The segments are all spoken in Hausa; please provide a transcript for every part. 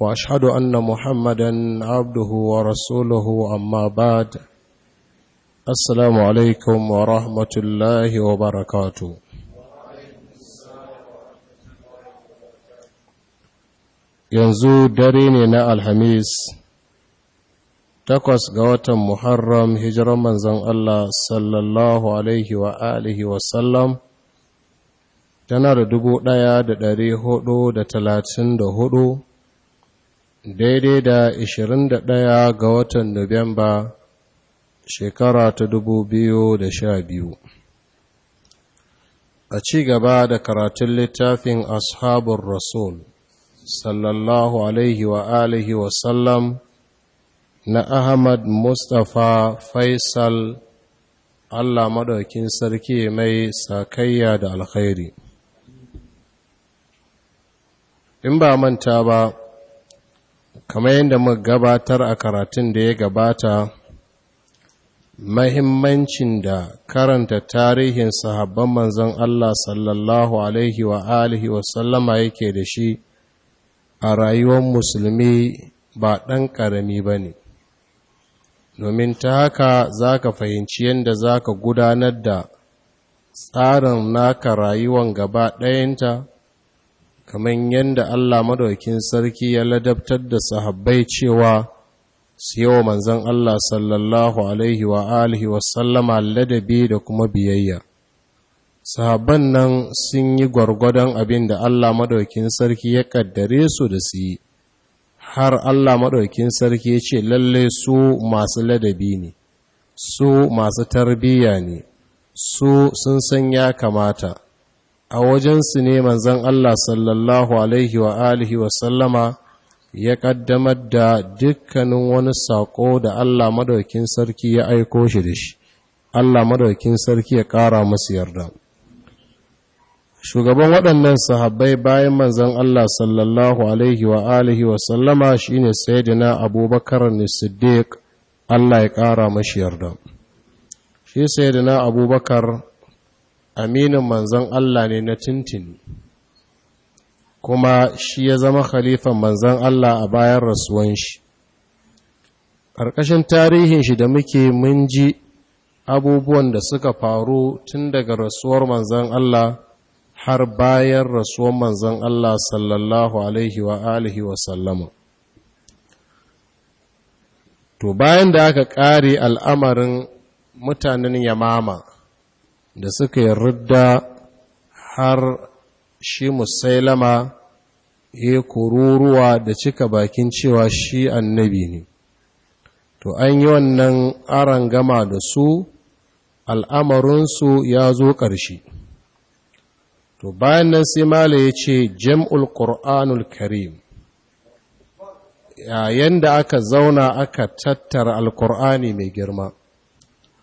واشهد ان محمدا عبده ورسوله اما بعد السلام عليكم ورحمه الله وبركاته yanzu dare ne na alhamis takwas ga watan muharram hijiran manzon allah sallallahu alaihi wa alihi wasallam tana da dubu ɗaya da ɗari hudu da talatin da hudu daidai da 21 ga watan Nuwamba shekara ta 2012. A ci gaba da karatun littafin Ashabun Rasul, sallallahu Alaihi wa alihi wasallam, na Ahmad Mustapha Faisal Allah maɗaukin Sarki mai sakayya da alkhairi. In ba manta ba, kamar yadda muka gabatar a karatun da ya gabata mahimmancin da karanta tarihin sahabban manzon Allah sallallahu alaihi wa alihi wa sallama yake da shi a rayuwar musulmi ba ɗan ƙarami ba ne domin ta haka za ka fahimci yadda za ka gudanar da tsarin naka rayuwan gaba ɗayanta kamar yadda Allah madaukin sarki ya ladabtar da sahabbai cewa su yi wa manzan Allah sallallahu alaihi wa alihi wasallama ladabi da kuma biyayya sahabban nan sun yi gwargwadon abin da Allah madaukin sarki ya kaddare su da su yi har Allah madaukin sarki ya ce lalle su masu ladabi ne su masu tarbiyya ne su sun san ya kamata a wajensu ne manzan Allah sallallahu alaihi wa alihi wa sallama ya ƙaddamar da dukkanin wani saƙo da Allah madaukin sarki ya aiko shi da shi Allah madaukin sarki ya ƙara masu yarda shugaban waɗannan sahabbai bayan manzan Allah sallallahu alaihi wa alihi wa sallama ne sayidina Abubakar ne Siddiq Allah ya ƙara mashi yarda shi sayidina Abubakar aminin manzon Allah ne na tintini kuma shi ya zama khalifan manzon Allah a bayan rasuwan shi ƙarƙashin tarihin shi da muke mun ji abubuwan da suka faru tun daga rasuwar manzon Allah har bayan rasuwar manzon Allah sallallahu alaihi wa alihi wa sallama to bayan da aka ƙare al'amarin mutanen yamama da suka yi rudda har shi musailama ya kururuwa da cika bakin cewa shi annabi ne to an yi wannan aron gama da su al'amarinsu ya zo ƙarshe to bayan nan sai mala ya ce jam'ul ƙor'anul karim yayin da aka zauna aka tattara alƙur'ani mai girma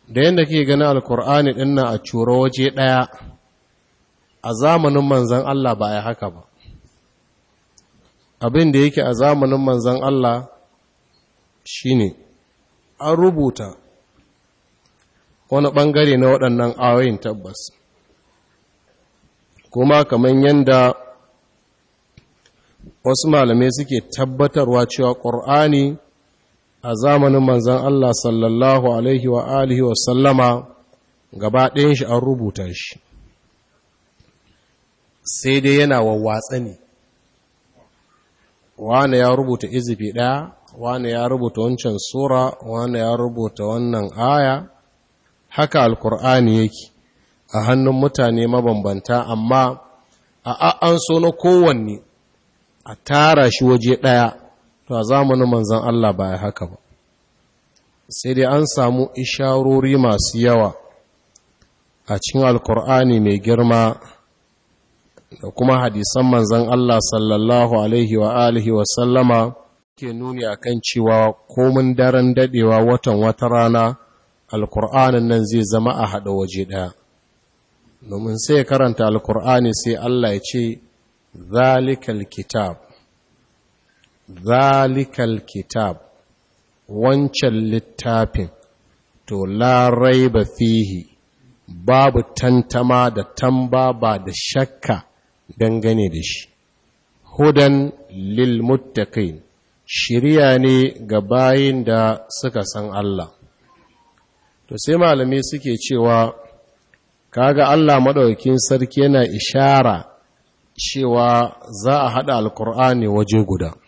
da yadda ke gani alkur'ani na a cura waje ɗaya a zamanin manzan Allah ba a haka ba abin da yake a zamanin manzan Allah shine an rubuta wani ɓangare na waɗannan awoyin tabbas kuma kamar yadda wasu malamai suke tabbatarwa cewa ƙur'ani a zamanin manzan Allah sallallahu alaihi wa alihi wa sallama gaba ɗayan shi an rubuta shi sai dai yana wawwatsa ne wane ya rubuta izifi ɗaya wane ya rubuta wancan sura wane ya rubuta wannan aya haka alkur'ani yake a hannun mutane mabambanta amma a an so na kowanne a tara shi waje ɗaya to a zamanin manzan Allah ba ya haka ba sai dai an samu isharori masu yawa a cikin alkur'ani mai girma da kuma hadisan manzan Allah sallallahu alaihi wa alihi wa sallama ke nuni akan cewa komin daren dadewa watan wata rana alkur'anin nan zai zama a haɗa waje ɗaya domin sai karanta alkur'ani sai Allah ya ce zalikal kitab zalikal kitab wancan littafin to Larai raiba fihi babu tantama da tamba ba da shakka dangane da shi hudan lil muttaqin shiriya ne ga bayin da suka san Allah to sai malami suke cewa kaga Allah madaukakin sarki yana ishara cewa za a hada alkur'ani waje guda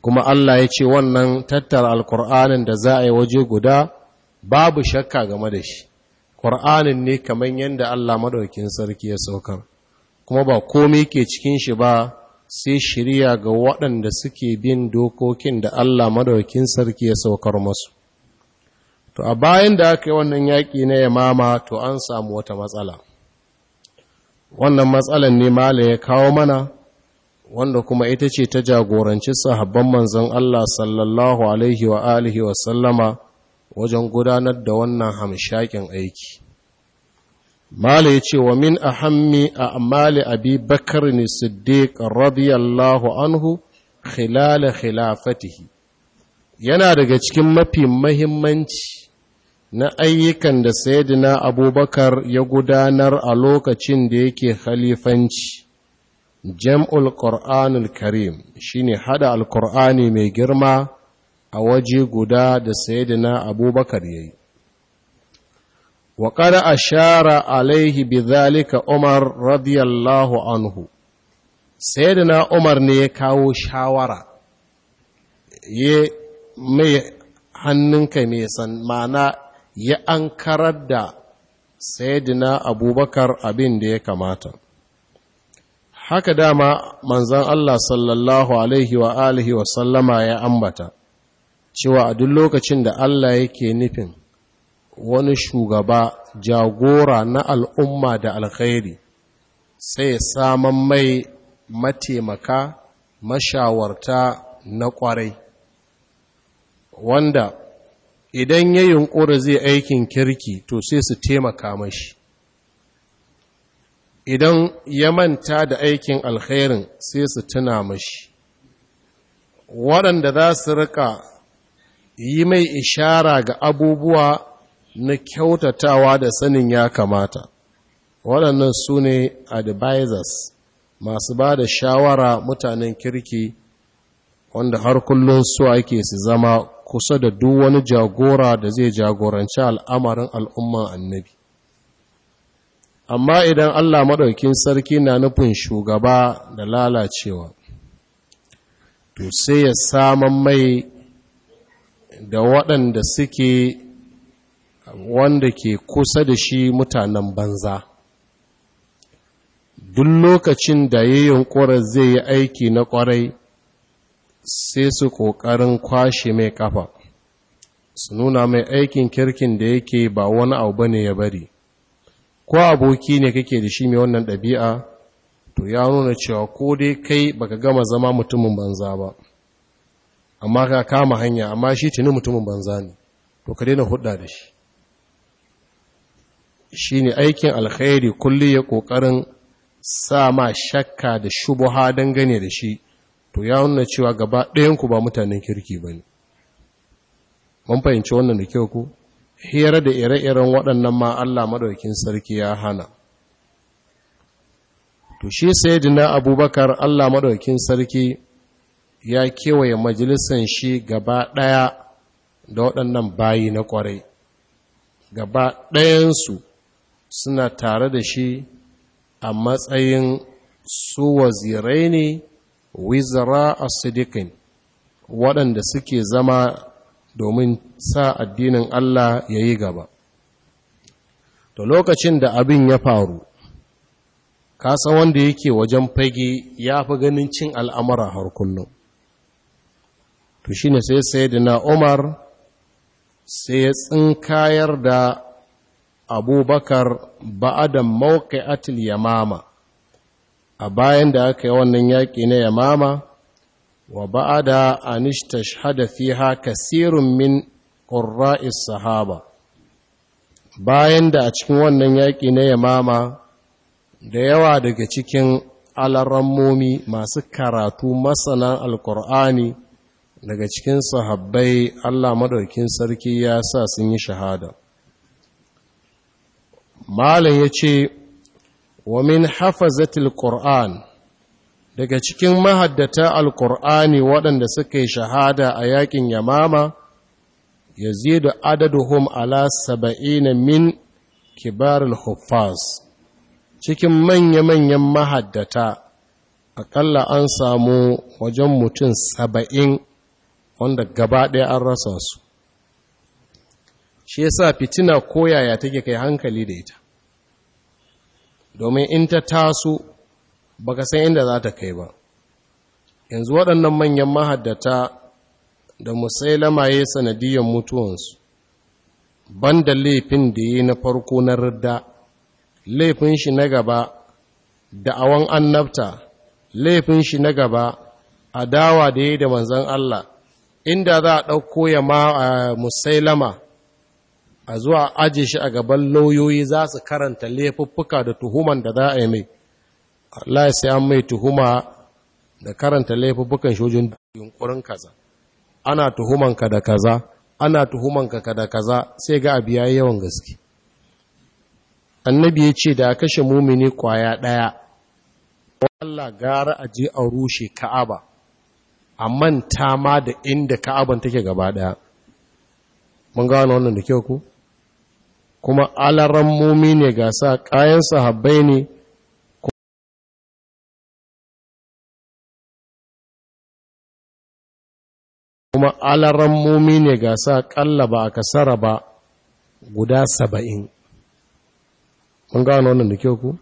kuma Allah ya ce wannan tattara alkur'anin da za a yi waje guda babu shakka game da shi ƙur'anin ne kamar yadda Allah maɗaukin sarki ya saukar kuma ba komai ke cikin shi ba sai shirya ga waɗanda suke bin dokokin da Allah maɗaukin sarki ya saukar masu to a bayan da aka yi wannan yaƙi na mama to an samu wata matsala wannan matsalan ne mala ya kawo mana wanda kuma ita ce ta jagoranci sahabban manzon Allah sallallahu alaihi wa alihi wa wajen gudanar da wannan hamshakin aiki mala ya ce wa min ahammi a amali abi bakar ne siddiq radiyallahu anhu khilala khilafatihi yana daga cikin mafi mahimmanci na ayyukan da sayyidina abubakar ya gudanar a lokacin da yake khalifanci jam'ul ƙor'anul karim shine hada alƙor'ani mai girma a waje guda da sayidina abubakar ya yi wa ƙada a shara alaihi bi zalika umar radiyallahu anhu sayidina umar ne ya kawo shawara ya mai hannunka mai san mana ya an karar da sayidina abubakar abin da ya kamata haka dama manzan Allah sallallahu alaihi wa alihi wa sallama ya ambata cewa a duk lokacin da Allah yake nufin wani shugaba jagora na al'umma da alkhairi sai saman mai mataimaka mashawarta na ƙwarai wanda idan ya yunƙura zai aikin kirki to sai su taimaka mashi idan ya manta da aikin alkhairin sai su tuna mashi waɗanda za su rika yi mai ishara ga abubuwa na kyautatawa da sanin ya kamata waɗannan su ne advisors masu ba da shawara mutanen kirki wanda har kullum su ake su zama kusa da duk wani jagora da zai jagoranci al'amarin al'umman annabi amma idan Allah maɗaukin sarki na nufin shugaba da lalacewa to sai ya saman mai da waɗanda suke wanda ke kusa da shi mutanen banza duk lokacin da ya yunƙura zai yi aiki na ƙwarai sai su ƙoƙarin kwashe mai ƙafa su nuna mai aikin kirkin da yake ba wani abu ne ya bari ko aboki ne kake da shi mai wannan ɗabi'a to ya nuna cewa ko dai kai baka gama zama mutumin banza ba amma ka kama hanya amma shi tuni mutumin banza ne to ka daina hudda da shi shine aikin alkhairi kulli ya kokarin sa ma shakka da shubha dangane da shi to ya nuna cewa gaba ɗayan ku ba mutanen kirki bane mun fahimci wannan da kyau ko. hira da ire-iren waɗannan ma Allah maɗaukin sarki ya hana to shi na abubakar Allah maɗaukin sarki ya kewaye majalisan shi gaba ɗaya da waɗannan bayi na ƙwarai gaba ɗayansu suna tare da shi a matsayin su wazirai ne wizara a sidikin waɗanda suke zama domin sa addinin Allah ya yi gaba to lokacin da abin ya faru kasa wanda yake wajen fage ya fi ganin cin al'amura har kullum to shi ne sai sai na umar sai ya tsinkayar da abubakar ba'adan mawaƙi atil yamama a bayan da aka yi wannan yaƙi na yamama wa ba'ada an istashhada fiha kasirun min qurra'is sahaba bayan da a cikin wannan yaƙi na yamama da yawa daga cikin alarammomi masu karatu masana alkur'ani daga cikin sahabbai Allah maɗaukin sarki ya sa sun yi shahada malam ya ce wa min hafazatil qur'an daga cikin mahaddata alkur'ani waɗanda suka yi shahada a yakin yamama ya adaduhum ala saba'ina min kibarul huffaz cikin manya-manyan mahaddata aƙalla an samu wajen mutum saba'in wanda gaba ɗaya an rasa su shi yasa fitina koyaya take kai hankali da ita domin in ta taso baka san inda za ta kai ba yanzu waɗannan manyan mahaddata da musailama ya yi sanadiyar mutuwansu banda laifin da ya na farko na ridda laifin shi na gaba da da'awan annabta laifin shi na gaba a dawa da ya da manzan Allah inda za a ɗauko ya ma musailama a zuwa aje shi a gaban lauyoyi za su karanta laifuffuka da tuhuman da za a yi mai Allah sai an mai tuhuma da karanta laifukan shojin yunkurin kaza ana tuhumanka da kaza ana tuhumanka ka da kaza sai ga abiya biya yawan gaske annabi ya ce da kashe mumini kwaya daya Allah gara a je a rushe Ka'aba a manta ma da inda Ka'aban take gaba daya mun gano wannan da kyau ku kuma alaran mumini ga sa kayan sahabbai ne kuma mumi ne ga sa ƙalla ba a kasara ba guda saba'in mun gano wannan da kyau ku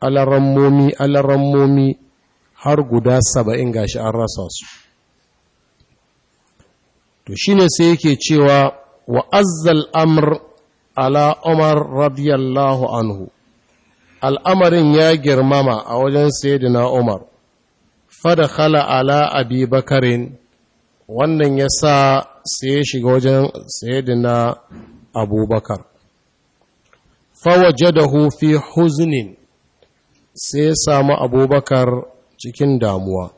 alaran mumi har guda saba'in ga shi an rasa su to shi ne sai yake cewa wa azal amr ala umar radiyallahu anhu al'amarin ya girmama a wajen sayyidina umar fada khala ala abi bakarin wannan ya sa sai shiga wajen na abubakar da fi huznin sai ya samu abubakar cikin damuwa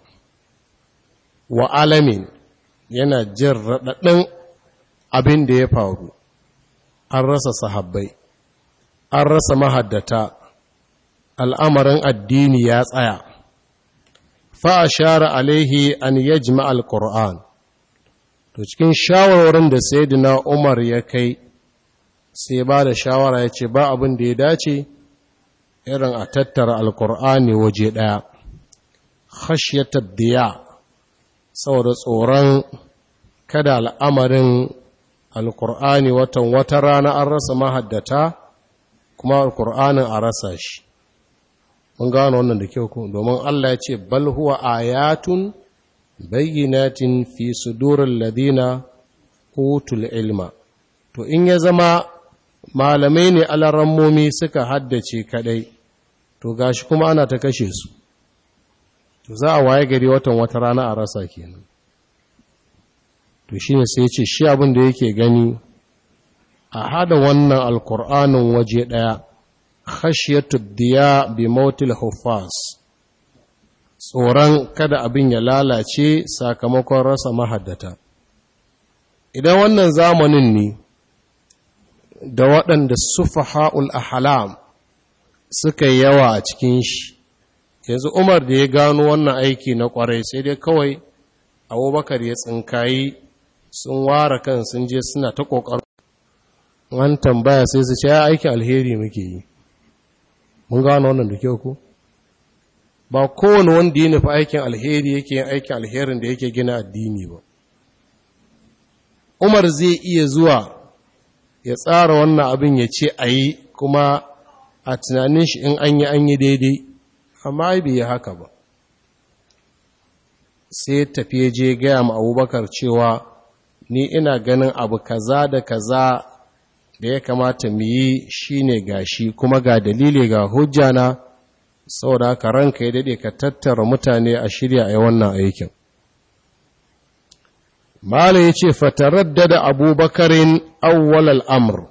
wa alamin yana jin raɗaɗin abin da ya faru an rasa sahabbai an rasa mahaddata al'amarin addini ya tsaya fa a share alaihi an yajma al-ƙur'an to cikin shawarwarin da sayyidina Umar ya kai sai ba da shawara ya ce ba abin da ya dace irin a tattara alkur'ani waje ɗaya ya diya saboda tsoron kada al'amarin alkur'ani watan wata rana an rasa mahaddata kuma alkur'anin a rasa shi mun gano wannan da kyau domin Allah ya ce bal huwa ayatun bayyinatin fi sudurin ladina utul ilma to in ya zama malamai ne alarammomi suka haddace kadai to gashi kuma ana ta kashe su to za a waye gari watan wata rana a rasa kenan to shine sai ce shi abin da yake gani a hada wannan alkur'anin waje daya khashyatu diya bi mautil huffaz tsoron kada abin ya lalace sakamakon rasa mahaddata idan wannan zamanin ne da waɗanda sufaha'ul halam suka yi yawa a cikin shi yanzu umar da ya gano wannan aiki na ƙwarai sai dai kawai abubakar ya tsinkayi sun ware kan sun je suna ta ƙoƙarin wani tambaya sai su ce ya aiki alheri muke yi mun gano wannan da kyau ku ba kowane wanda ya nufi aikin alheri yake yin aikin alherin da yake gina addini ba umar zai iya zuwa ya tsara wannan abin ya ce a yi kuma a tunanin shi in an yi an yi daidai amma bai yi haka ba sai tafi je gaya ma abubakar cewa ni ina ganin abu kaza da kaza da ya kamata mu yi shine gashi kuma ga dalili ga hujjana saboda haka ranka ya daɗe, ka tattara mutane a shirya a wannan aikin mala ya ce fataraddada abubakarin awwal al'amur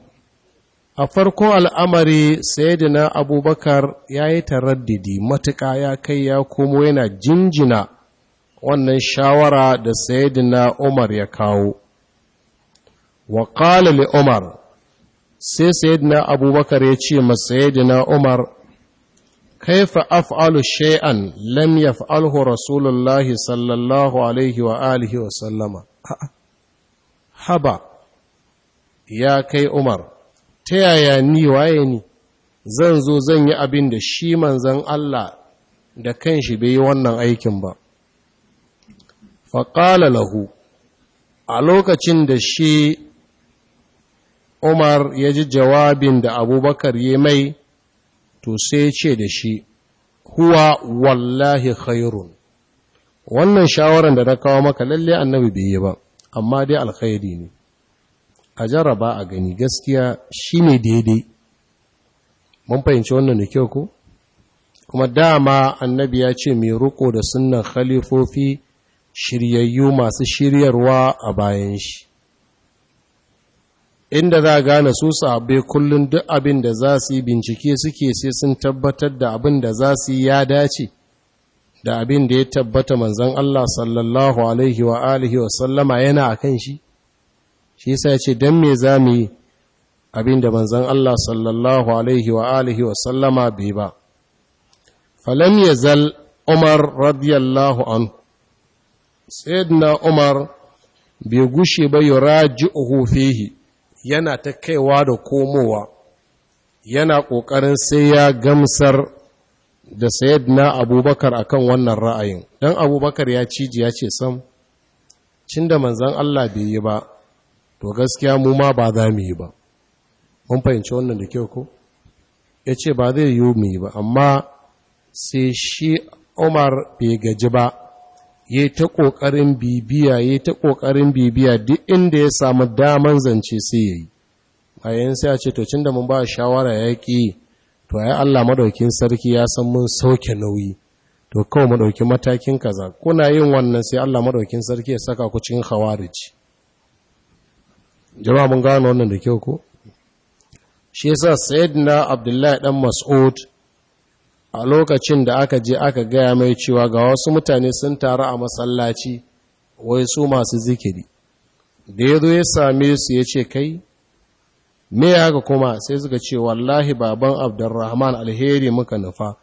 a farkon al'amari sayyidina abubakar ya yi taraddidi matuka ya kai ya komo yana jinjina wannan shawara da sayyidina umar ya kawo wa umar sai sayyidina abubakar ya ce ma sayyidina umar kaifa af'alu shay'an lam yaf'alhu rasulullahi sallallahu alaihi wa wa sallama haba ya kai umar ta yaya ni waye zan zo zan yi abin da shi manzan Allah da kanshi bai yi wannan aikin ba faƙala lahu a lokacin da shi umar ya ji jawabin da abubakar ya mai to sai ce da shi huwa wallahi khairun wannan shawaran da na kawo maka lalle annabi bai yi ba amma dai alkhairi ne a jaraba a gani gaskiya shi ne daidai mun fahimci wannan da kyau ko kuma dama annabi ya ce mai ruko da sunan khalifofi shiryayyu masu shiryarwa a bayan shi inda za gane su sahabbai kullum duk abin da za su yi bincike suke sai sun tabbatar da abin da za su yi ya dace da abin da ya tabbata manzon Allah sallallahu alaihi wa alihi wa sallama yana akan shi shi yasa ya ce dan me za mu yi abin da manzon Allah sallallahu alaihi wa alihi wa sallama bai ba falam yazal Umar radiyallahu anhu sayyidina Umar bai gushe ba yuraji'uhu fihi yana ta kaiwa da komowa yana ƙoƙarin sai ya gamsar da na abubakar akan wannan ra'ayin don abubakar ya ciji ya ce sam cin da manzan Allah bai yi ba to gaskiya mu ma ba za mu yi ba mun fahimci wannan da kyau ko ya ce ba zai yi mu yi ba amma sai shi umar bai gaji ba ya ta ƙoƙarin bibiya ya ta ƙoƙarin bibiya duk inda ya samu daman zance sai ya yi bayan sai a ce to cinda da mun ba shawara ya ƙi to ya Allah madaukin sarki ya san mun sauke nauyi to kawai madaukin matakin kaza kuna yin wannan sai Allah madaukin sarki ya saka ku cikin khawarij jama'a mun gano wannan da kyau ko shi yasa sayyidina Abdullahi dan Mas'ud a lokacin da aka je aka gaya mai cewa ga wasu mutane sun taru a masallaci wai su masu zikiri da ya zo ya same su ya ce kai me ya ga kuma sai suka ce wallahi baban abdurrahman alheri muka nufa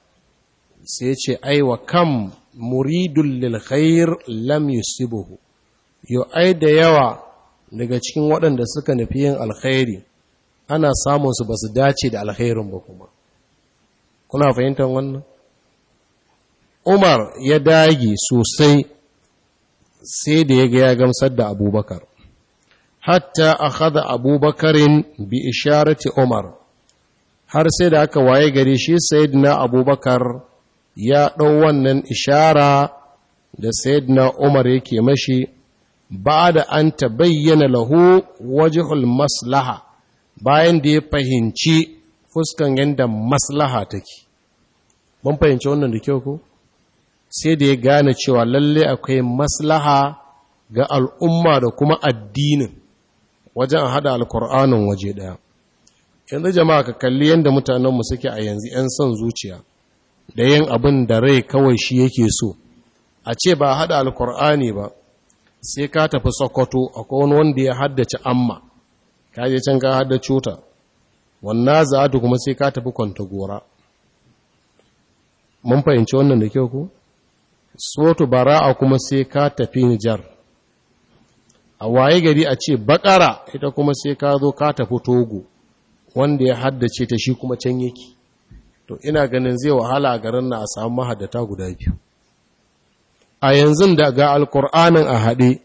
sai ya ce aiwa kam muridun lilkhair lam yusibuhu yo ai da yawa daga cikin waɗanda suka nufi yin alkhairi ana samun su basu dace da alkhairin ba kuma kuna fahimtar wannan umar ya dage sosai sai da ya ga ya gamsar da abubakar hatta a akhadha abubakarin bi isharati umar har sai da aka waye gari shi sayyidina abubakar ya ɗau wannan ishara da sayyidina umar yake mashi ba da an ta bayyana lahu wajihul maslaha bayan da ya fahimci fuskan yadda maslaha take ban fahimci wannan da kyau ko sai da ya gane cewa lalle akwai maslaha ga al'umma da kuma addinin wajen hada alkur'anin waje daya yanzu jama'a ka kalli yadda mutanenmu suke a yanzu 'yan son zuciya da yin abin da rai kawai shi yake so a ce ba hada alkur'ani ba sai ka tafi sokoto akwai wani wanda ya haddace amma ka je can ka haddace cuta wannan za'atu kuma sai ka tafi kwanta gora mun fahimci wannan da kyau ku sotu bara'a kuma sai ka tafi nijar a waye gari a ce bakara ita kuma sai ka zo ka tafi togo wanda ya haddace ta shi kuma can yake to ina ganin zai wahala a garin na a samu mahaddata guda biyu a yanzu da ga alkur'anin a haɗe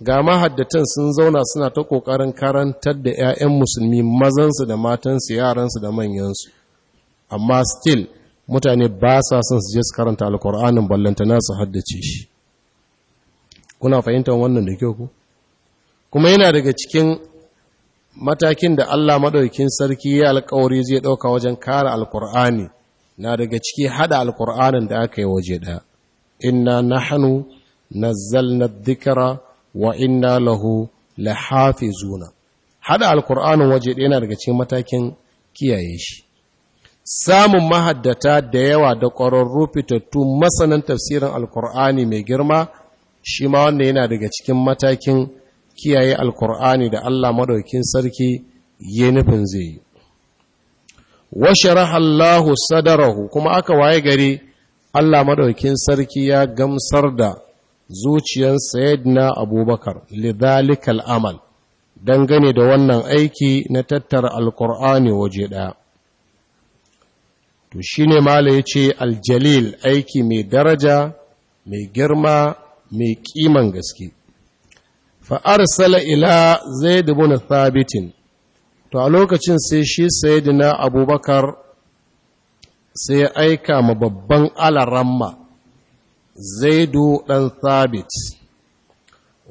ga mahaddatan sun zauna suna ta ƙoƙarin karantar da 'ya'yan musulmi mazansu da matansu yaransu da manyansu amma still mutane ba sa son su je su karanta alkur'anin ballantana su haddace shi kuna fahimtar wannan da kyau ku kuma yana daga cikin matakin da Allah maɗaukin sarki ya alkawari zai ɗauka wajen kare alkur'ani na daga ciki hada alkur'anin da aka yi waje ɗaya inna nahnu nazzalna dhikra wa inna lahu lahafizuna hada alqur'anin waje ɗaya yana daga cikin matakin kiyaye shi samun mahaddata da yawa da ƙwararru fitattu masanan tafsirin alkur'ani mai girma shi ma wanda yana daga cikin matakin kiyaye alkur'ani da Allah maɗaukin sarki ya nufin zai yi sharaha Allahu sadarahu kuma aka waye gari Allah maɗaukin sarki ya gamsar da zuciyar sayyidina abubakar lidhalikal amal dangane da wannan aiki na tattara alkur'ani waje ɗaya to shine ya ce aljalil aiki mai daraja mai girma mai kiman gaske fa arsala ila zaid ibn thabitin to a lokacin sai shi sayyidina abubakar sai ya aika ma babban alaramma zaidu ɗan thabit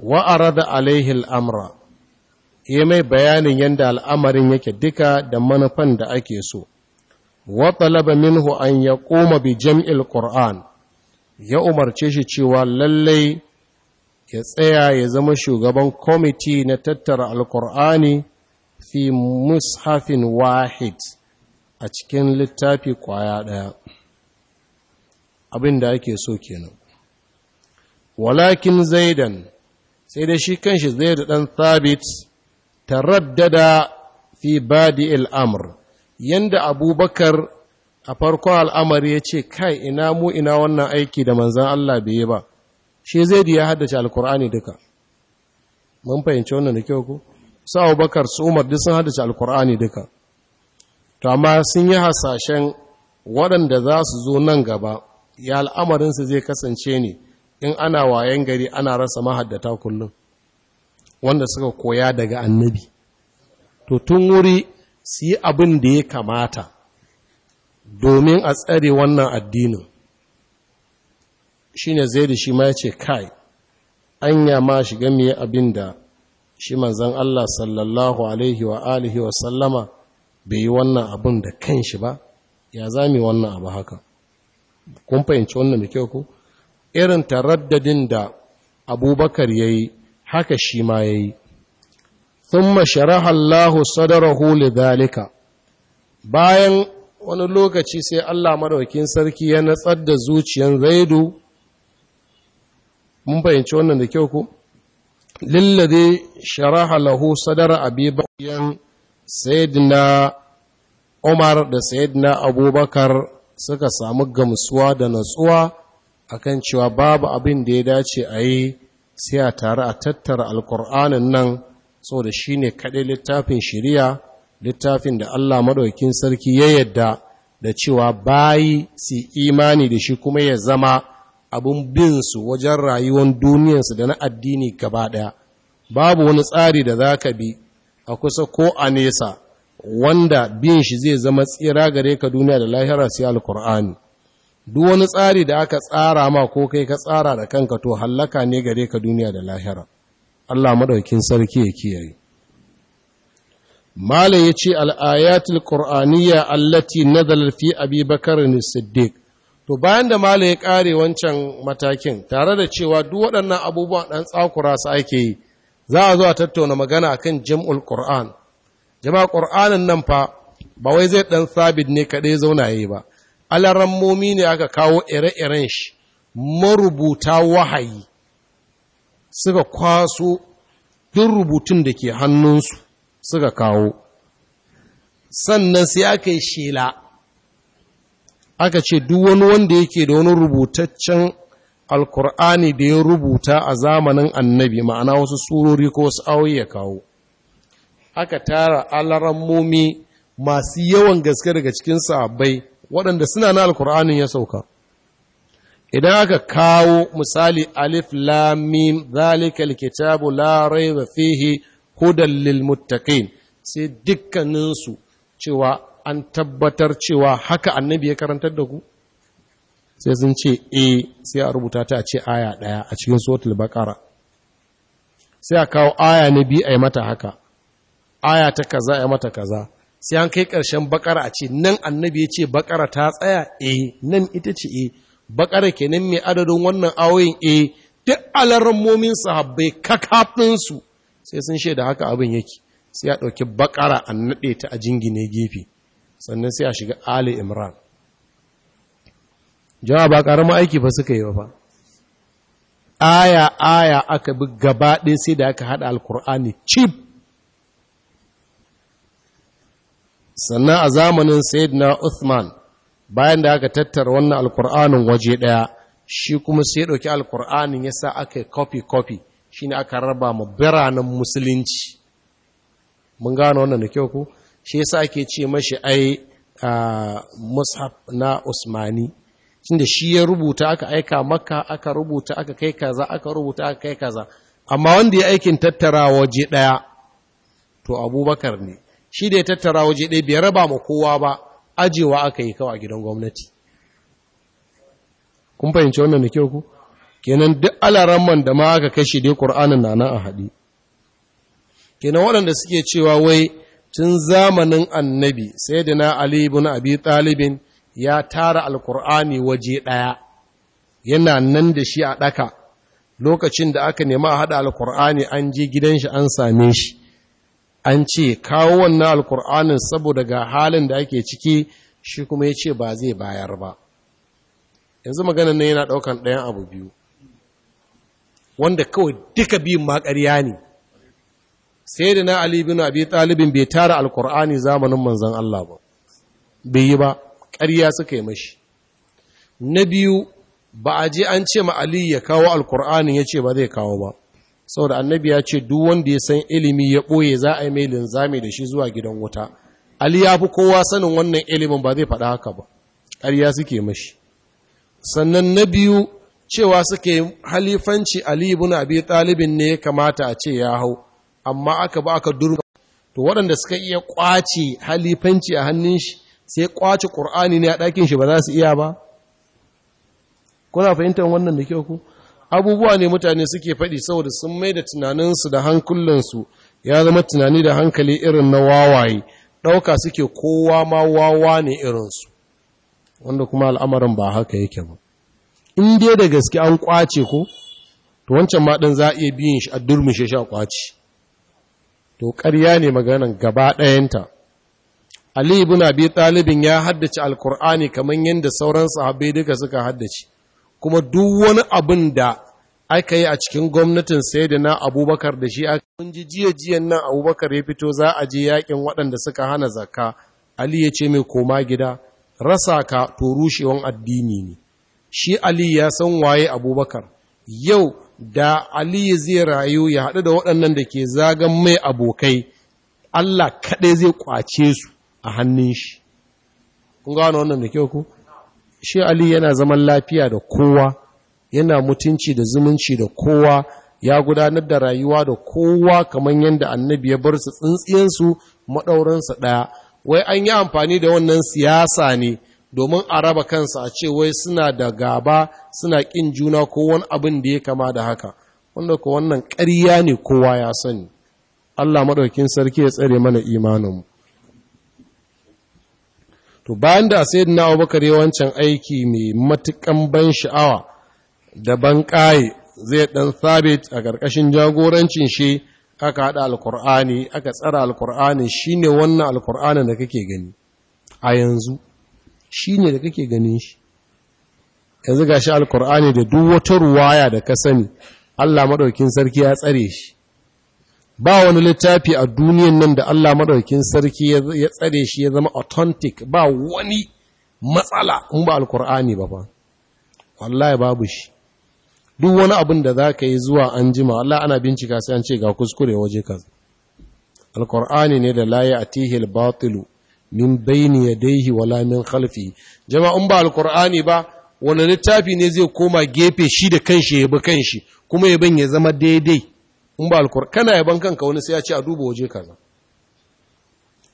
wa'ara da alaihil amra ya mai bayanin yadda al'amarin yake duka da manufan da ake so wa talaba minhu an ya koma bi jam'il ya umarce shi cewa lallai ya tsaya ya zama shugaban kwamiti na tattara alƙur'ani fi mushafin wahid a cikin littafi ƙwaya ɗaya abin da ake so kenan walakin zaidan sai da shi kanshi zai da ɗan thabit taraddada fi badi al'amur yanda abubakar a farkon al'amari ya ce kai ina mu ina wannan aiki da manzan Allah bai ba shi zai da ya haddace alkur'ani duka mun fahimci wannan da kyau ku su abubakar su umar duk sun haddace alkur'ani duka to amma sun yi hasashen waɗanda za su zo nan gaba ya al'amarinsu zai kasance ne in ana wayan gari ana rasa mahaddata kullum wanda suka koya daga annabi to tun wuri su yi abin da ya kamata domin a tsare wannan addinin shine zai da shi ma ya ce kai anya ma shiga mai abin da shi manzan Allah sallallahu alaihi wa alihi wa sallama bai yi wannan abin da kan shi ba ya zami wannan abu haka kun fahimci wannan da kyau ku. irin taraddadin da abubakar ya yi haka shi ma ya yi thumma sharaha Allahu sadarahu lidhalika bayan wani lokaci sai Allah madaukin sarki ya natsar da zuciyan Zaidu mun fahimci wannan da kyau ku. lilladhi sharaha lahu sadara sayyidina Umar da sayyidina Abubakar suka samu gamsuwa da natsuwa akan cewa babu abin da ya dace a yi sai a tare a tattara alkur'anin nan da shi ne kaɗai littafin shirya littafin da Allah maɗaukin sarki ya yadda da cewa bayi su imani da shi kuma ya zama abin bin su wajen rayuwar duniyarsu da na addini gaba ɗaya babu wani tsari da za ka bi a kusa ko a nesa wanda bin shi zai zama tsira gare ka duniya da lahira sai alkur'ani duk wani tsari da aka tsara ma ko kai ka tsara da kanka to hallaka ne gare ka duniya da lahira Allah madaukin sarki ya kiyaye Mala yace ce ayatul ƙur'aniyya allati nazal fi abi as siddiq to bayan da Mala ya kare wancan matakin tare da cewa duk waɗannan abubuwan ɗan tsakura su ake yi za a zo a tattauna magana akan jam'ul qur'an jama'a ƙur'anin nan fa ba wai zai ɗan sabid ne kaɗai zaunaye ba momi ne aka kawo ire-iren shi marubuta wahayi suka kwaso duk rubutun da ke hannunsu suka kawo sannan sai aka yi shela aka ce duk wani wanda yake da wani rubutaccen alkur'ani da ya rubuta a zamanin annabi ma'ana wasu surori ko wasu ya kawo aka tara alarammomi masu yawan gaske daga cikin sahabbai waɗanda suna na alkur'anin ya sauka idan aka kawo misali alif lamim zalika alkitabu la raiba fihi hudan lil muttaqin sai dukkaninsu cewa an tabbatar cewa haka annabi ya karantar da ku sai sun ce e sai a rubuta ta a ce aya ɗaya a cikin suratul baqara sai a kawo aya na biyu a yi mata haka aya ta kaza ya mata kaza sai an kai ƙarshen bakar a ce nan annabi ya ce bakara ta tsaya e nan ita ce e eh. bakara kenan mai adadin wannan awoyin e, duk alarmomin sahabbai kakafinsu sai sun shaida haka abin yake sai a ɗauki bakara a naɗe ta a jingine gefe sannan sai a shiga ali imran jawa ba ƙaramin aiki ba suka yi ba aya aya aka bi gaba ɗaya sai da aka haɗa alkur'ani cip sannan a zamanin sayyidina Uthman bayan da aka tattara wannan alkur'anin waje daya, shi kuma sai ɗauki alkur'anin ya sa aka yi kofi-kofi shi ne aka raba ma biranen musulunci mun gano wannan da kyau ku shi yasa ake ce mashi ai mushaf na usmani tunda shi ya rubuta aka aika maka aka rubuta aka kai kaza aka rubuta aka kai kaza amma wanda ya aikin tattara waje daya, to abubakar ne shi da ya tattara waje ɗaya bai raba ma kowa ba ajewa aka yi kawai gidan gwamnati kun fahimci wannan da kyau ku kenan duk man da ma aka kashe dai kur'anin na nan a haɗi kenan waɗanda suke cewa wai tun zamanin annabi sai da na ali ibn abi talibin ya tara alƙur'ani waje ɗaya yana nan da shi a ɗaka lokacin da aka nema a haɗa alƙur'ani an je gidan shi an same shi an ce kawo wannan alkur'anin saboda ga halin da ake ciki shi kuma ya ce ba zai bayar ba yanzu maganin nan yana ɗaukan ɗayan abu biyu wanda kawai duka biyun ma ƙarya ne sai da na ali bin abi talibin bai tara alkur'ani zamanin manzon Allah ba bai yi ba ƙarya suka yi mashi na biyu ba a je an ce ma ali ya kawo alkur'ani ya ce ba zai kawo ba saboda annabi ya ce duk wanda ya san ilimi ya ɓoye za a yi mai linzami da shi zuwa gidan wuta ali ya fi kowa sanin wannan ilimin ba zai faɗa haka ba ya suke mashi sannan na biyu cewa suke halifanci ali ibn abi talibin ne ya kamata a ce ya hau amma aka ba aka durga to waɗanda suka iya ƙwace halifanci a hannun shi sai ƙwace Kur'ani ne a ɗakin shi ba za su iya ba kuna fahimtar wannan da kyau ku abubuwa ne mutane suke faɗi saboda sun mai da tunaninsu da hankulansu ya zama tunani da hankali irin na wawaye ɗauka suke kowa ma wawa ne irinsu wanda kuma al'amarin ba haka yake ba in dai da gaske an kwace ko to wancan ma za a iya biyin shi a durmushe shi a kwace to ƙarya ne maganan gaba ɗayanta ali ibn abi ɗalibin ya haddace alkur'ani kamar yadda sauran sahabbai duka suka haddace kuma duk wani abin da aka yi a cikin gwamnatin na abubakar da shi aka mun ji jiya jiyan nan abubakar ya fito za a je yakin waɗanda suka hana zakka ali ya ce mai koma gida rasa ka to rushewan addini ne shi ali ya san waye abubakar yau da ali zai rayu ya haɗu da waɗannan da ke zagan mai abokai allah kaɗai zai kwace su a hannun shi kun gano wannan da kyau ko? shi ali yana zaman lafiya da kowa yana mutunci da zumunci da kowa ya gudanar da rayuwa da kowa kamar yadda annabi ya bar su tsintsiyansu maɗauransa ɗaya wai an yi amfani da wannan siyasa ne domin a raba kansa a ce wai suna da gaba suna ƙin juna ko wani abin da ya kama da haka wanda ko wannan ƙarya ne kowa ya sani Allah maɗaukin sarki ya tsare mana imaninmu to bayan da sayyidina Abubakar ya wancan aiki mai matukan ban sha'awa da ban kai zai dan sabit a karkashin jagorancin shi aka hada alqur'ani aka tsara alqur'ani shine wannan alqur'anin da kake gani a yanzu shine da kake ganin shi yanzu gashi alqur'ani da duk wata ruwaya da ka sani Allah madaukin sarki ya tsare shi ba wani littafi a duniyan nan da Allah madaukin sarki ya tsare shi ya zama authentic ba wani matsala in ba alkur'ani ba fa wallahi babu shi duk wani abin da za ka yi zuwa anjima, jima Allah ana bincika sai an ce ga kuskure waje ka alkur'ani ne da layi a tihil batil min bayni yadayhi wala min khalfi in ba alkur'ani ba wani littafi ne zai koma gefe shi da kanshi ya bi kanshi kuma ya bin ya zama daidai in ba alkur kana yaban kanka wani sai ya ce a duba waje kaza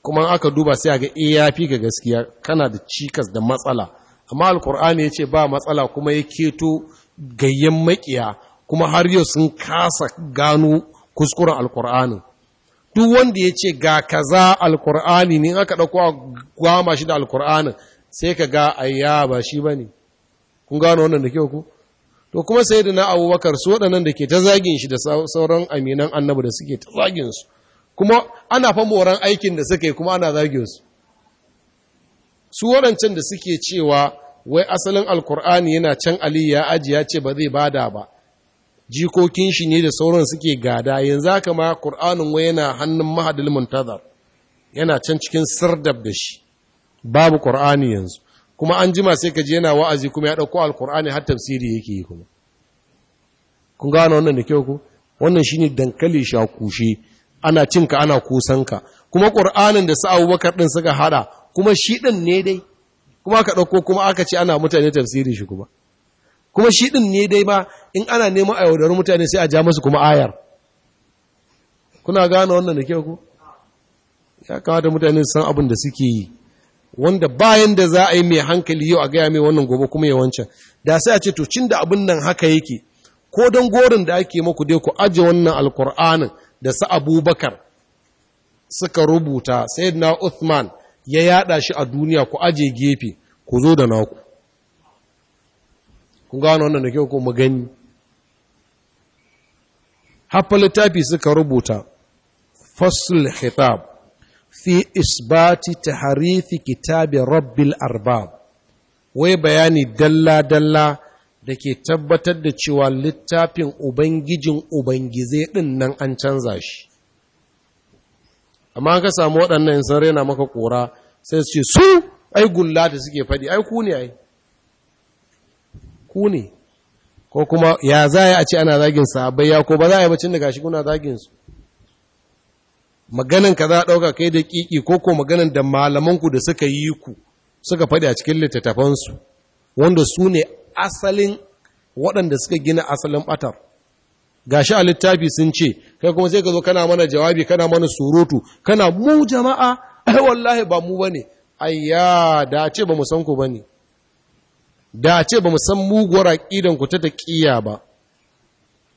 kuma aka duba sai a ga "Eh ya fi ga gaskiya kana da cikas da matsala amma alkur'ani ya ce ba matsala kuma ya keto gayyen makiya kuma har yau sun kasa gano kuskuren alkur'ani duk wanda ya ce ga kaza alkur'ani ne aka ɗauko gwama shi da alkur'ani sai ka ga ayya ba shi ba kun gano wannan da kyau ku to kuma na abubakar su waɗannan da ke ta zagin shi da sauran aminan annabu da suke ta zagin su kuma ana fa moran aikin da suke kuma ana zagin su su waɗancan da suke cewa wai asalin alkur'ani yana can ali ya aji ya ce ba zai bada ba jikokin shi ne da sauran suke gada yanzu haka ma qur'anin wai yana hannun mahadil muntazar yana can cikin sirdab da shi babu qur'ani yanzu kuma an jima sai ka ji yana wa'azi kuma ya ɗauko alkur'ani har tafsiri yake yi kuma kun gano wannan da kyau ku wannan shi ne dankali sha kushe ana cinka ana kusanka kuma ƙur'anin da su abubakar ɗin suka haɗa kuma shi ɗin ne dai kuma aka ɗauko kuma aka ce ana mutane tafsiri shi kuma kuma shi ɗin ne dai ba in ana neman a yaudar mutane sai a ja musu kuma ayar kuna gano wannan da kyau ku ya kamata mutane san abin da suke yi wanda bayan da za a yi mai hankali yau a gaya mai wannan gobe kuma wancan, da sai a ce to cin da abin nan haka yake ko don gorin da ake maku dai ku aje wannan alkur'anin da su abubakar suka rubuta sai na uthman ya yada shi a duniya ku aje gefe ku zo da naku kun gano wannan da kyau ko mu gani haffa littafi suka rubuta fasul khitab fi isbati harifi kitabi rabbil arbab wai bayani dalla-dalla da ke tabbatar da cewa littafin ubangijin ubangizai ɗin nan an canza shi amma ka samu waɗannan sun raina maka ƙora sai su ce su ai gulla da suke faɗi ai ku ne ai ku ne ko kuma ya za a ce ana zagin sahabbai ya ko ba za a yi bacin da gashi kuna zagin su maganan ka za a ɗauka kai da ƙiƙi ko ko maganan da malamanku da suka yi ku suka faɗi a cikin littattafansu wanda su ne asalin waɗanda suka gina asalin ɓatar gashi a littafi sun ce kai kuma sai ka zo kana mana jawabi kana mana surutu kana mu jama'a ai wallahi ba mu bane ayya da ce ba mu san ku bane da ce ba mu san muguwar aqidan ku ta taqiya ba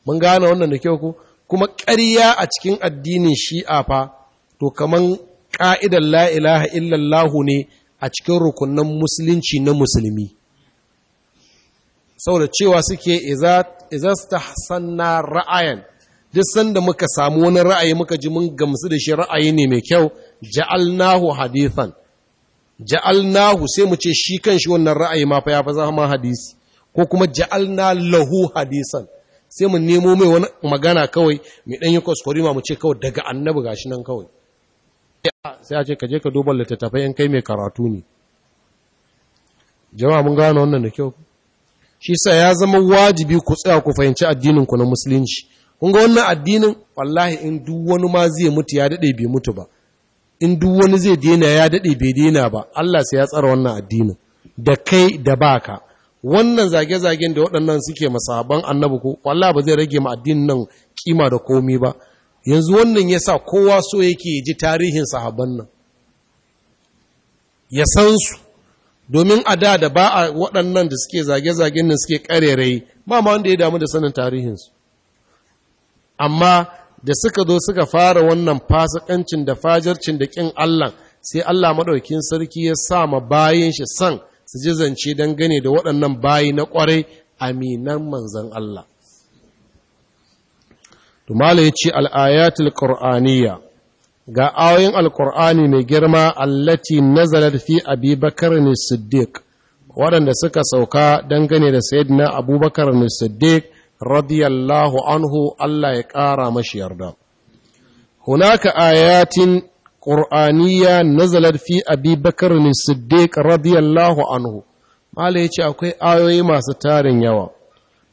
mun gane wannan da kyau ko kuma ƙarya a cikin addinin shi'a fa to kaman ƙa'idar la ilaha illallahu ne a cikin rukunan musulunci na musulmi saboda cewa suke izastahsanna ra'ayan duk sanda muka samu wani ra'ayi muka ji mun gamsu da shi ra'ayi ne mai kyau ja'alnahu hadithan ja'alnahu sai mu ce shi kan shi wannan ra'ayi ma fa ya fa zama hadisi ko kuma ja'alna lahu hadisan sai mu nemo mai wani magana kawai mai ɗan yi ma mu ce kawai daga annabu gashi nan kawai sai a ce ka je ka duba littattafai yan kai mai karatu ne jama'a mun gano wannan da kyau shi sa ya zama wajibi ku tsaya ku fahimci addinin ku na musulunci kun ga wannan addinin wallahi in duk wani ma zai mutu ya daɗe bai mutu ba in duk wani zai daina ya daɗe bai daina ba Allah sai ya tsara wannan addinin da kai da baka wannan zage-zagen da waɗannan suke masaban annabi ko wallahi ba zai rage ma addinin nan kima da komi ba yanzu wannan yasa kowa so yake ji tarihin sahaban nan ya san su domin a da da ba a waɗannan da suke zage-zagen nan suke ƙarerai ba ma wanda ya damu da sanin tarihinsu amma da suka zo suka fara wannan fasikancin da fajarcin da ƙin Allah sai Allah maɗaukin sarki ya sa ma bayan shi san su ji zance dangane da waɗannan bayi na ƙwarai aminan manzan Allah. Tumala ya ce al'ayatul ƙor'aniya ga ayoyin alƙur'ani mai girma allati nazarar fi abubakar ne siddiq waɗanda suka sauka dangane da sayidina abubakar ne siddiq radiyallahu anhu Allah ya ƙara mashi yarda. Hunaka ayatin ƙur'aniya nazalar fi abi bakar ne siddiq radiyallahu anhu mala ya ce akwai ayoyi masu tarin yawa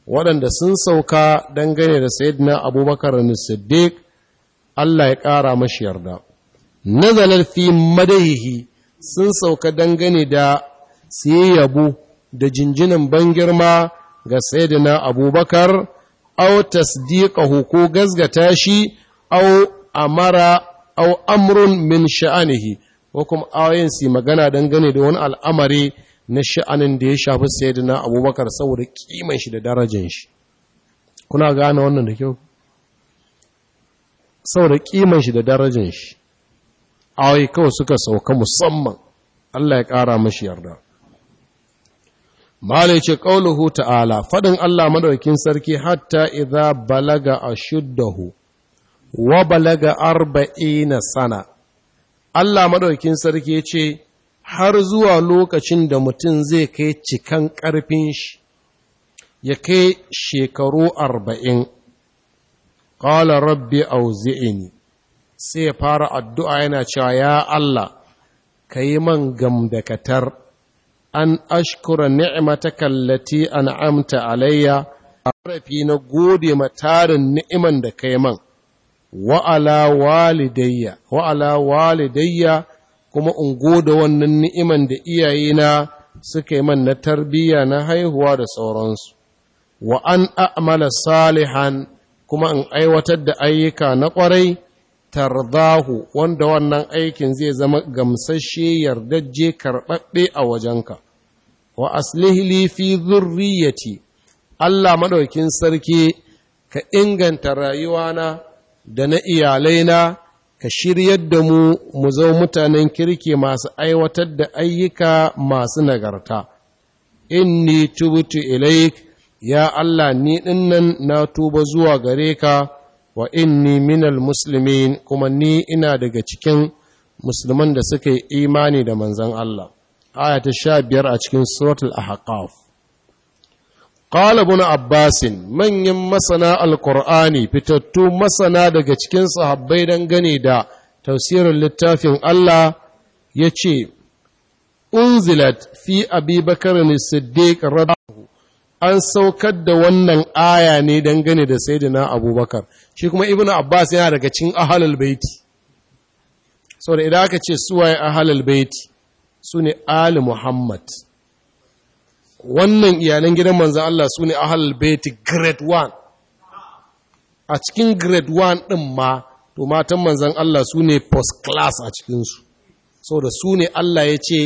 waɗanda sun sauka dangane da sayidina abubakar ne siddiq allah ya ƙara mashi yarda nazalar fi madahihi sun sauka dangane da siye yabo da jinjinin ban girma ga sayidina abubakar au tasdiqahu ko gazgata shi au amara aw amrun min sha'anihi ko kuma ayoyin su magana dangane da wani al'amari na sha'anin da ya shafi sayyidina Abubakar saboda kiman shi da darajar shi kuna gane wannan da kyau saboda kiman shi da darajar shi ayoyi kawai suka sauka musamman Allah ya ƙara mashi yarda Mala ya ce, Ƙaunuhu ta'ala, faɗin Allah madaukin sarki hatta idza balaga a shuddahu, wa balaga arba'ina sana Allah maɗaukin sarki ce har zuwa lokacin da mutum zai kai cikan ƙarfin shi ya kai shekaru arba'in ƙala rabbi auzi'ini sai ya fara addu'a yana cewa ya Allah ka yi man gamdakatar an ashkura ni'imata kallati an amta alayya a na gode ma tarin ni'iman da ka yi man wa'ala walidayya wa'ala walidayya kuma in goda wannan ni'iman da iyayena suka yi man na tarbiyya na haihuwa da sauransu wa an a'mala salihan kuma in aiwatar da ayyuka na ƙwarai Tarzahu, wanda wannan aikin zai zama gamsashe yardajje karɓaɓɓe a wajenka wa aslihli fi zurriyati Allah maɗaukin sarki ka inganta rayuwana da na iyalaina ka shiryar da mu mu zama mutanen kirki masu aiwatar da ayyuka masu nagarta inni tubutu ilaik ya Allah ni ɗinnan na tuba zuwa gare ka wa inni minal muslimin kuma ni ina daga cikin musulman da suka yi imani da manzan Allah aya ta sha biyar a cikin suratul ahqaf قال ابن Abbasin manyan masana Alƙur'ani fitattu masana daga cikin sahabbai dangane da tafsirin littafin Allah ya ce, Unzilat fi abi bakarin siddiq an saukar da wannan aya ne dangane da Sayyidina Abubakar, shi kuma Ibn Abbas yana daga cikin ahalul baiti. saboda idan aka ce suwaye ahalul baiti, su ne Ali Muhammad. wannan iyalan gidan manzan Allah su ne ahal beti grade 1 a cikin grade 1 ɗin ma to matan manzan Allah su ne post class a cikinsu da su ne Allah ya ce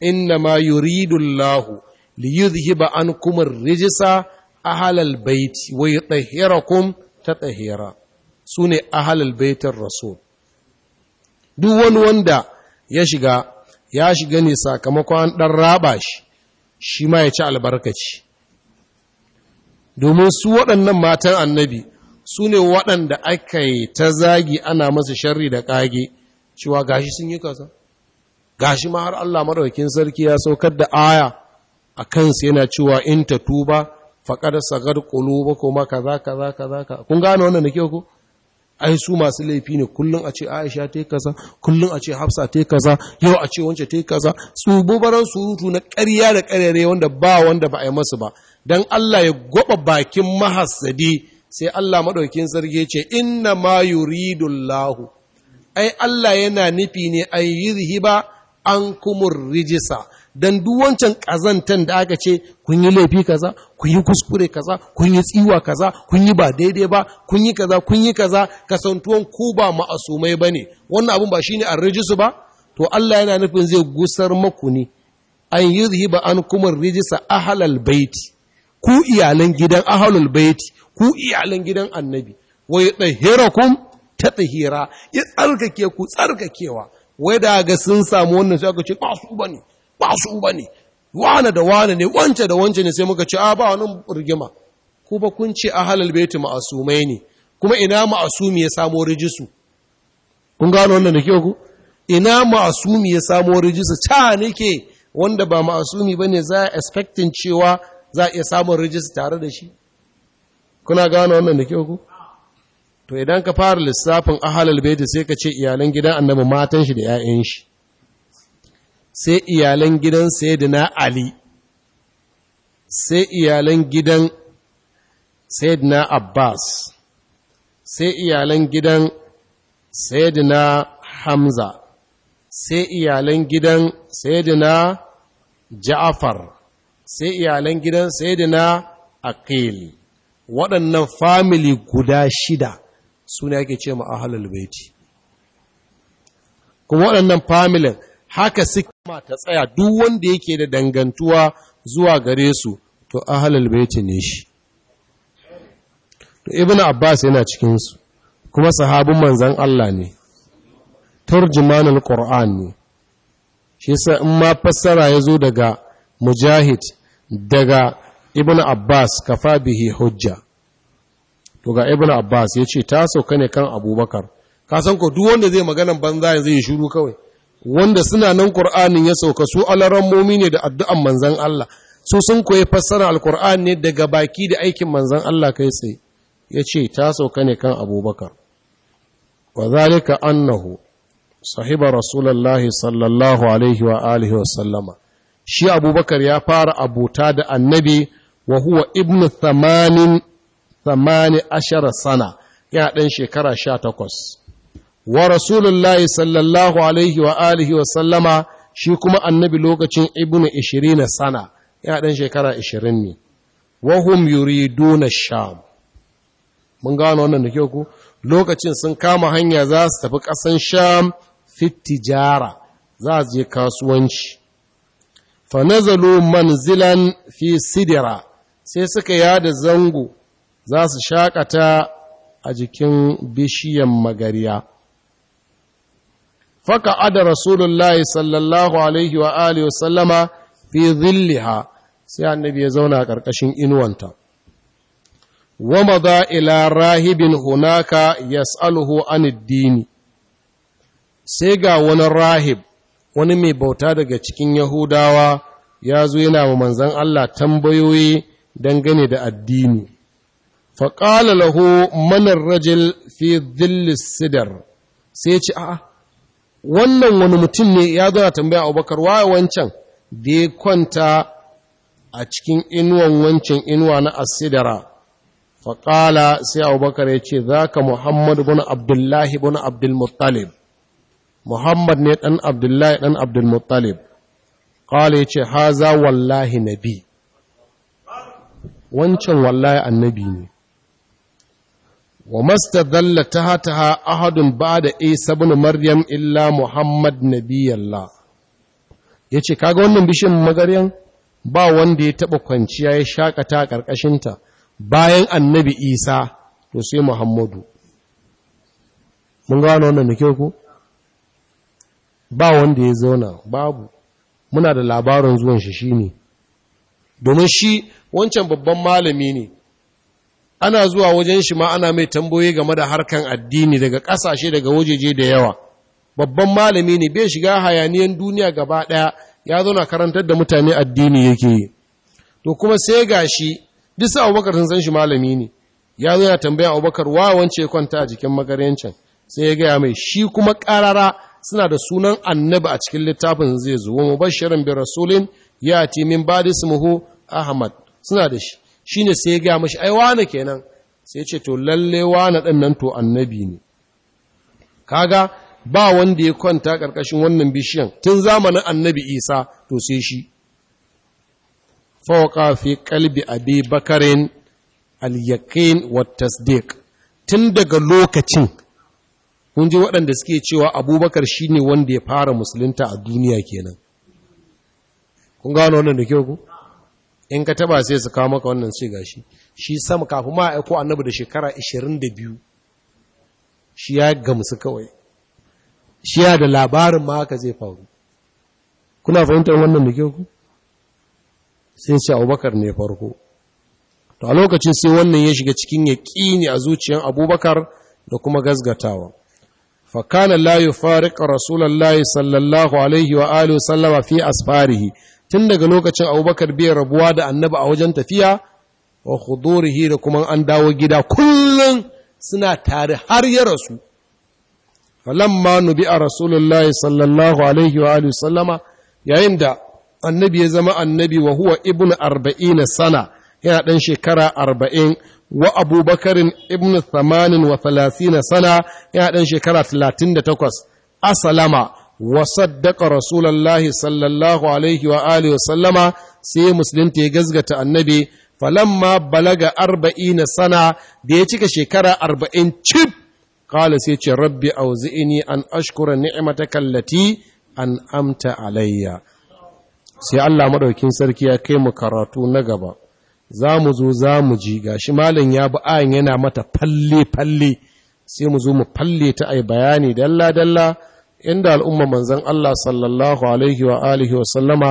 inna ma yuridullahu li yuzhiba kumar rijisa ahlal baiti wa ta tsahira su ne ahlal baitir rasul duk wani wanda ya shiga ya shiga ne sakamakon ɗan raba shi shi ma ya ci albarkaci domin su waɗannan matan annabi su ne waɗanda aka yi ta zagi ana masa sharri da ƙage cewa gashi sun yi kasa gashi ma har Allah maɗaukin sarki ya saukar da aya a kansu yana cewa in ta tuba faƙar sagar ba kuma kaza kaza kaza kun gane wannan da kyau ku? ai su masu laifi ne kullum a ce Aisha ta kaza kullum a ce Hafsa ta kaza yau a ce wance ta kaza su bubaran surutu na ƙarya da ƙarere wanda ba wanda ba a yi masu ba Don Allah ya gwaba bakin mahasadi sai Allah maɗaukin sarki ce inna ma yuridu lahu ai Allah yana nufi ne an yi rihiba an kumur rijisa dan duk wancan da aka ce kun yi laifi kaza kun yi kuskure kaza kun yi tsiwa kaza kun yi ba daidai ba kun yi kaza kun yi kaza kasantuwan ku ba ma'asumai ne. wannan abin ba shi ne riji su ba to Allah yana nufin zai gusar maku ne an yi an kuma riji sa ahalal baiti ku iyalan gidan ahalal baiti ku iyalan gidan annabi Wai wa ta tatahira ya tsarkake ku tsarkakewa wai da ga sun samu wannan sai aka ce ba su ba su ba ne wane da wane ne wance da wance ne sai muka ci a ba wani rigima ku ba kun ce a halal baiti ma'asumai ne kuma ina ma'asumi ya samu rijisu kun gano wannan da ke ku ina ma'asumi ya samu rijisu ta nake wanda ba ma'asumi bane za a expecting cewa za a iya samun rijisu tare da shi kuna gano wannan da ke ku to idan ka fara lissafin halal baiti sai ka ce iyalan gidan annabi matan shi da 'ya'yanshi. shi sai iyalan gidan sayyidina ali sai iyalan gidan sayyidina abbas sai iyalan gidan sayyidina hamza sai iyalan gidan sayyidina Jafar, sai iyalan gidan sayyidina aqil waɗannan famili guda shida su ne ake ce ma ahalul kuma waɗannan familin haka sikima ta tsaya duk wanda yake da dangantuwa zuwa gare su to ahlul baiti ne shi to ibnu abbas yana cikin su kuma sahabin manzon Allah ne turjumanul qur'an ne shi yasa in ma fassara yazo daga mujahid daga ibnu abbas kafa bihi hujja to ga ibnu abbas ya ce ta sauka ne kan abubakar ka san ko duk wanda zai maganan banza zai shiru kawai wanda suna nan Qur'anin ya sauka su alarammomi ne da addu'an manzan Allah su sun koyi fassara alkur'ani ne daga baki da aikin manzan Allah kai tsaye yace ta sauka ne kan Abubakar wa zalika annahu sahiba Rasulallah sallallahu alaihi wa alihi wa sallama shi Abubakar ya fara abuta da annabi wa huwa ibnu Thamani ashara sana ya ɗan shekara sha takwas. wa rasulullahi sallallahu alaihi wa alihi wa sallama shi kuma annabi lokacin ibnu 20 sana ya dan shekara 20 ne wa hum yuriduna sham mun gano wannan da kyau ku lokacin sun kama hanya za su tafi kasan sham fitijara za su je kasuwanci fa nazalu manzilan fi sidira sai suka yada zango za su shakata a jikin bishiyan magariya faka ada rasulullahi sallallahu alaihi wa alihi wasallama fi zilliha sai annabi ya zauna a ƙarƙashin inuwanta wa maza ila rahibin hunaka yas'aluhu an dini sai ga wani rahib wani mai bauta daga cikin yahudawa ya zo yana wa manzan Allah tambayoyi dangane da addini faƙala lahu ar-rajul fi dhillis sidar sai ce a'a wannan wani mutum ne ya zo na tambaya abubakar waye wancan da ya kwanta a cikin inuwan wancan inuwa na asidara faƙala sai abubakar ya ce za ka muhammadu bin abdullahi bin abdulmuttalib muhammad ne ɗan abdullahi ɗan abdulmuttalib ƙala ya ce ha za wallahi nabi wancan wallahi annabi ne wa ta hata ha ahadun ba da Isa bin Maryam illa Muhammad nabiyallah yace kaga wannan bishin magaryan ba wanda ya taba kwanciya ya shakata karkashin ta bayan annabi Isa to sai Muhammadu mun gano wannan nake ku ba wanda ya zauna babu muna da labarin zuwan shi shine domin shi wancan babban malami ne ana zuwa wajen shi ma ana mai tambayoyi game da harkan addini daga kasashe daga wajeje da yawa babban malami ne bai shiga hayaniyan duniya gaba ɗaya ya zo na karantar da mutane addini yake yi to kuma sai ga shi duk abubakar sun san shi malami ne ya zo ya tambaya abubakar wa wance kwanta a jikin magaryancin sai ya gaya mai shi kuma ƙarara suna da sunan annabi a cikin littafin zai zo wa mubashirin bi rasulin ya ti min ba'di ismuhu ahmad suna da shi shine sai ya gaya mashi ai wane kenan sai ce to lalle wane ɗan nan to annabi ne kaga ba wanda ya kwanta ƙarƙashin wannan bishiyan tun zamanin annabi isa to sai shi Fawaka fi kalbi abi bakarin al-yaqin wa tasdiq tun daga lokacin kun ji waɗanda suke cewa abubakar shine wanda ya fara musulunta a duniya kenan kun gano wannan da kyau ku in ka taba sai su kawo maka wannan sai gashi shi sama kafin ma aiko annabi da shekara 22 shi ya gamsu kawai shi ya da labarin ma haka zai faru kuna fahimtar wannan da ku sai ce abubakar ne farko to a lokacin sai wannan ya shiga cikin ne a zuciyan abubakar da kuma gazgatawa fakana la yufariq rasulullahi sallallahu alaihi wa alihi sallama fi asfarihi tun daga lokacin abubakar bai rabuwa da annaba a wajen tafiya wa hudurihi da kuma an dawo gida kullum suna tare har ya rasu falamma nubi a rasulullahi sallallahu alaihi wa alihi sallama yayin da annabi ya zama annabi wa huwa ibnu arba'in sana yana dan shekara arba'in wa abubakarin ibnu thamanin wa thalathina sana yana dan shekara talatin da takwas asalama wa saddaka rasulullahi sallallahu sai musulunta ya gazgata annabi falamma balaga arba'ina sana da ya cika shekara arba'in cif qala sai ce rabbi auzi'ini an ashkura ni'mataka allati an amta alayya sai Allah maɗaukin sarki ya kai mu karatu na gaba za mu zo za mu ji gashi malam ya bi ayin yana mata falle falle sai mu zo mu falle ta ai bayani dalla dalla inda al'umma manzan Allah sallallahu alaihi wa alihi wa sallama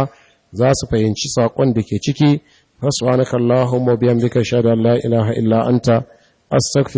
za su fahimci saƙon da ke ciki, Rasu wa na kallahu mabiyan bika shaɗa Allah ilaha illa anta,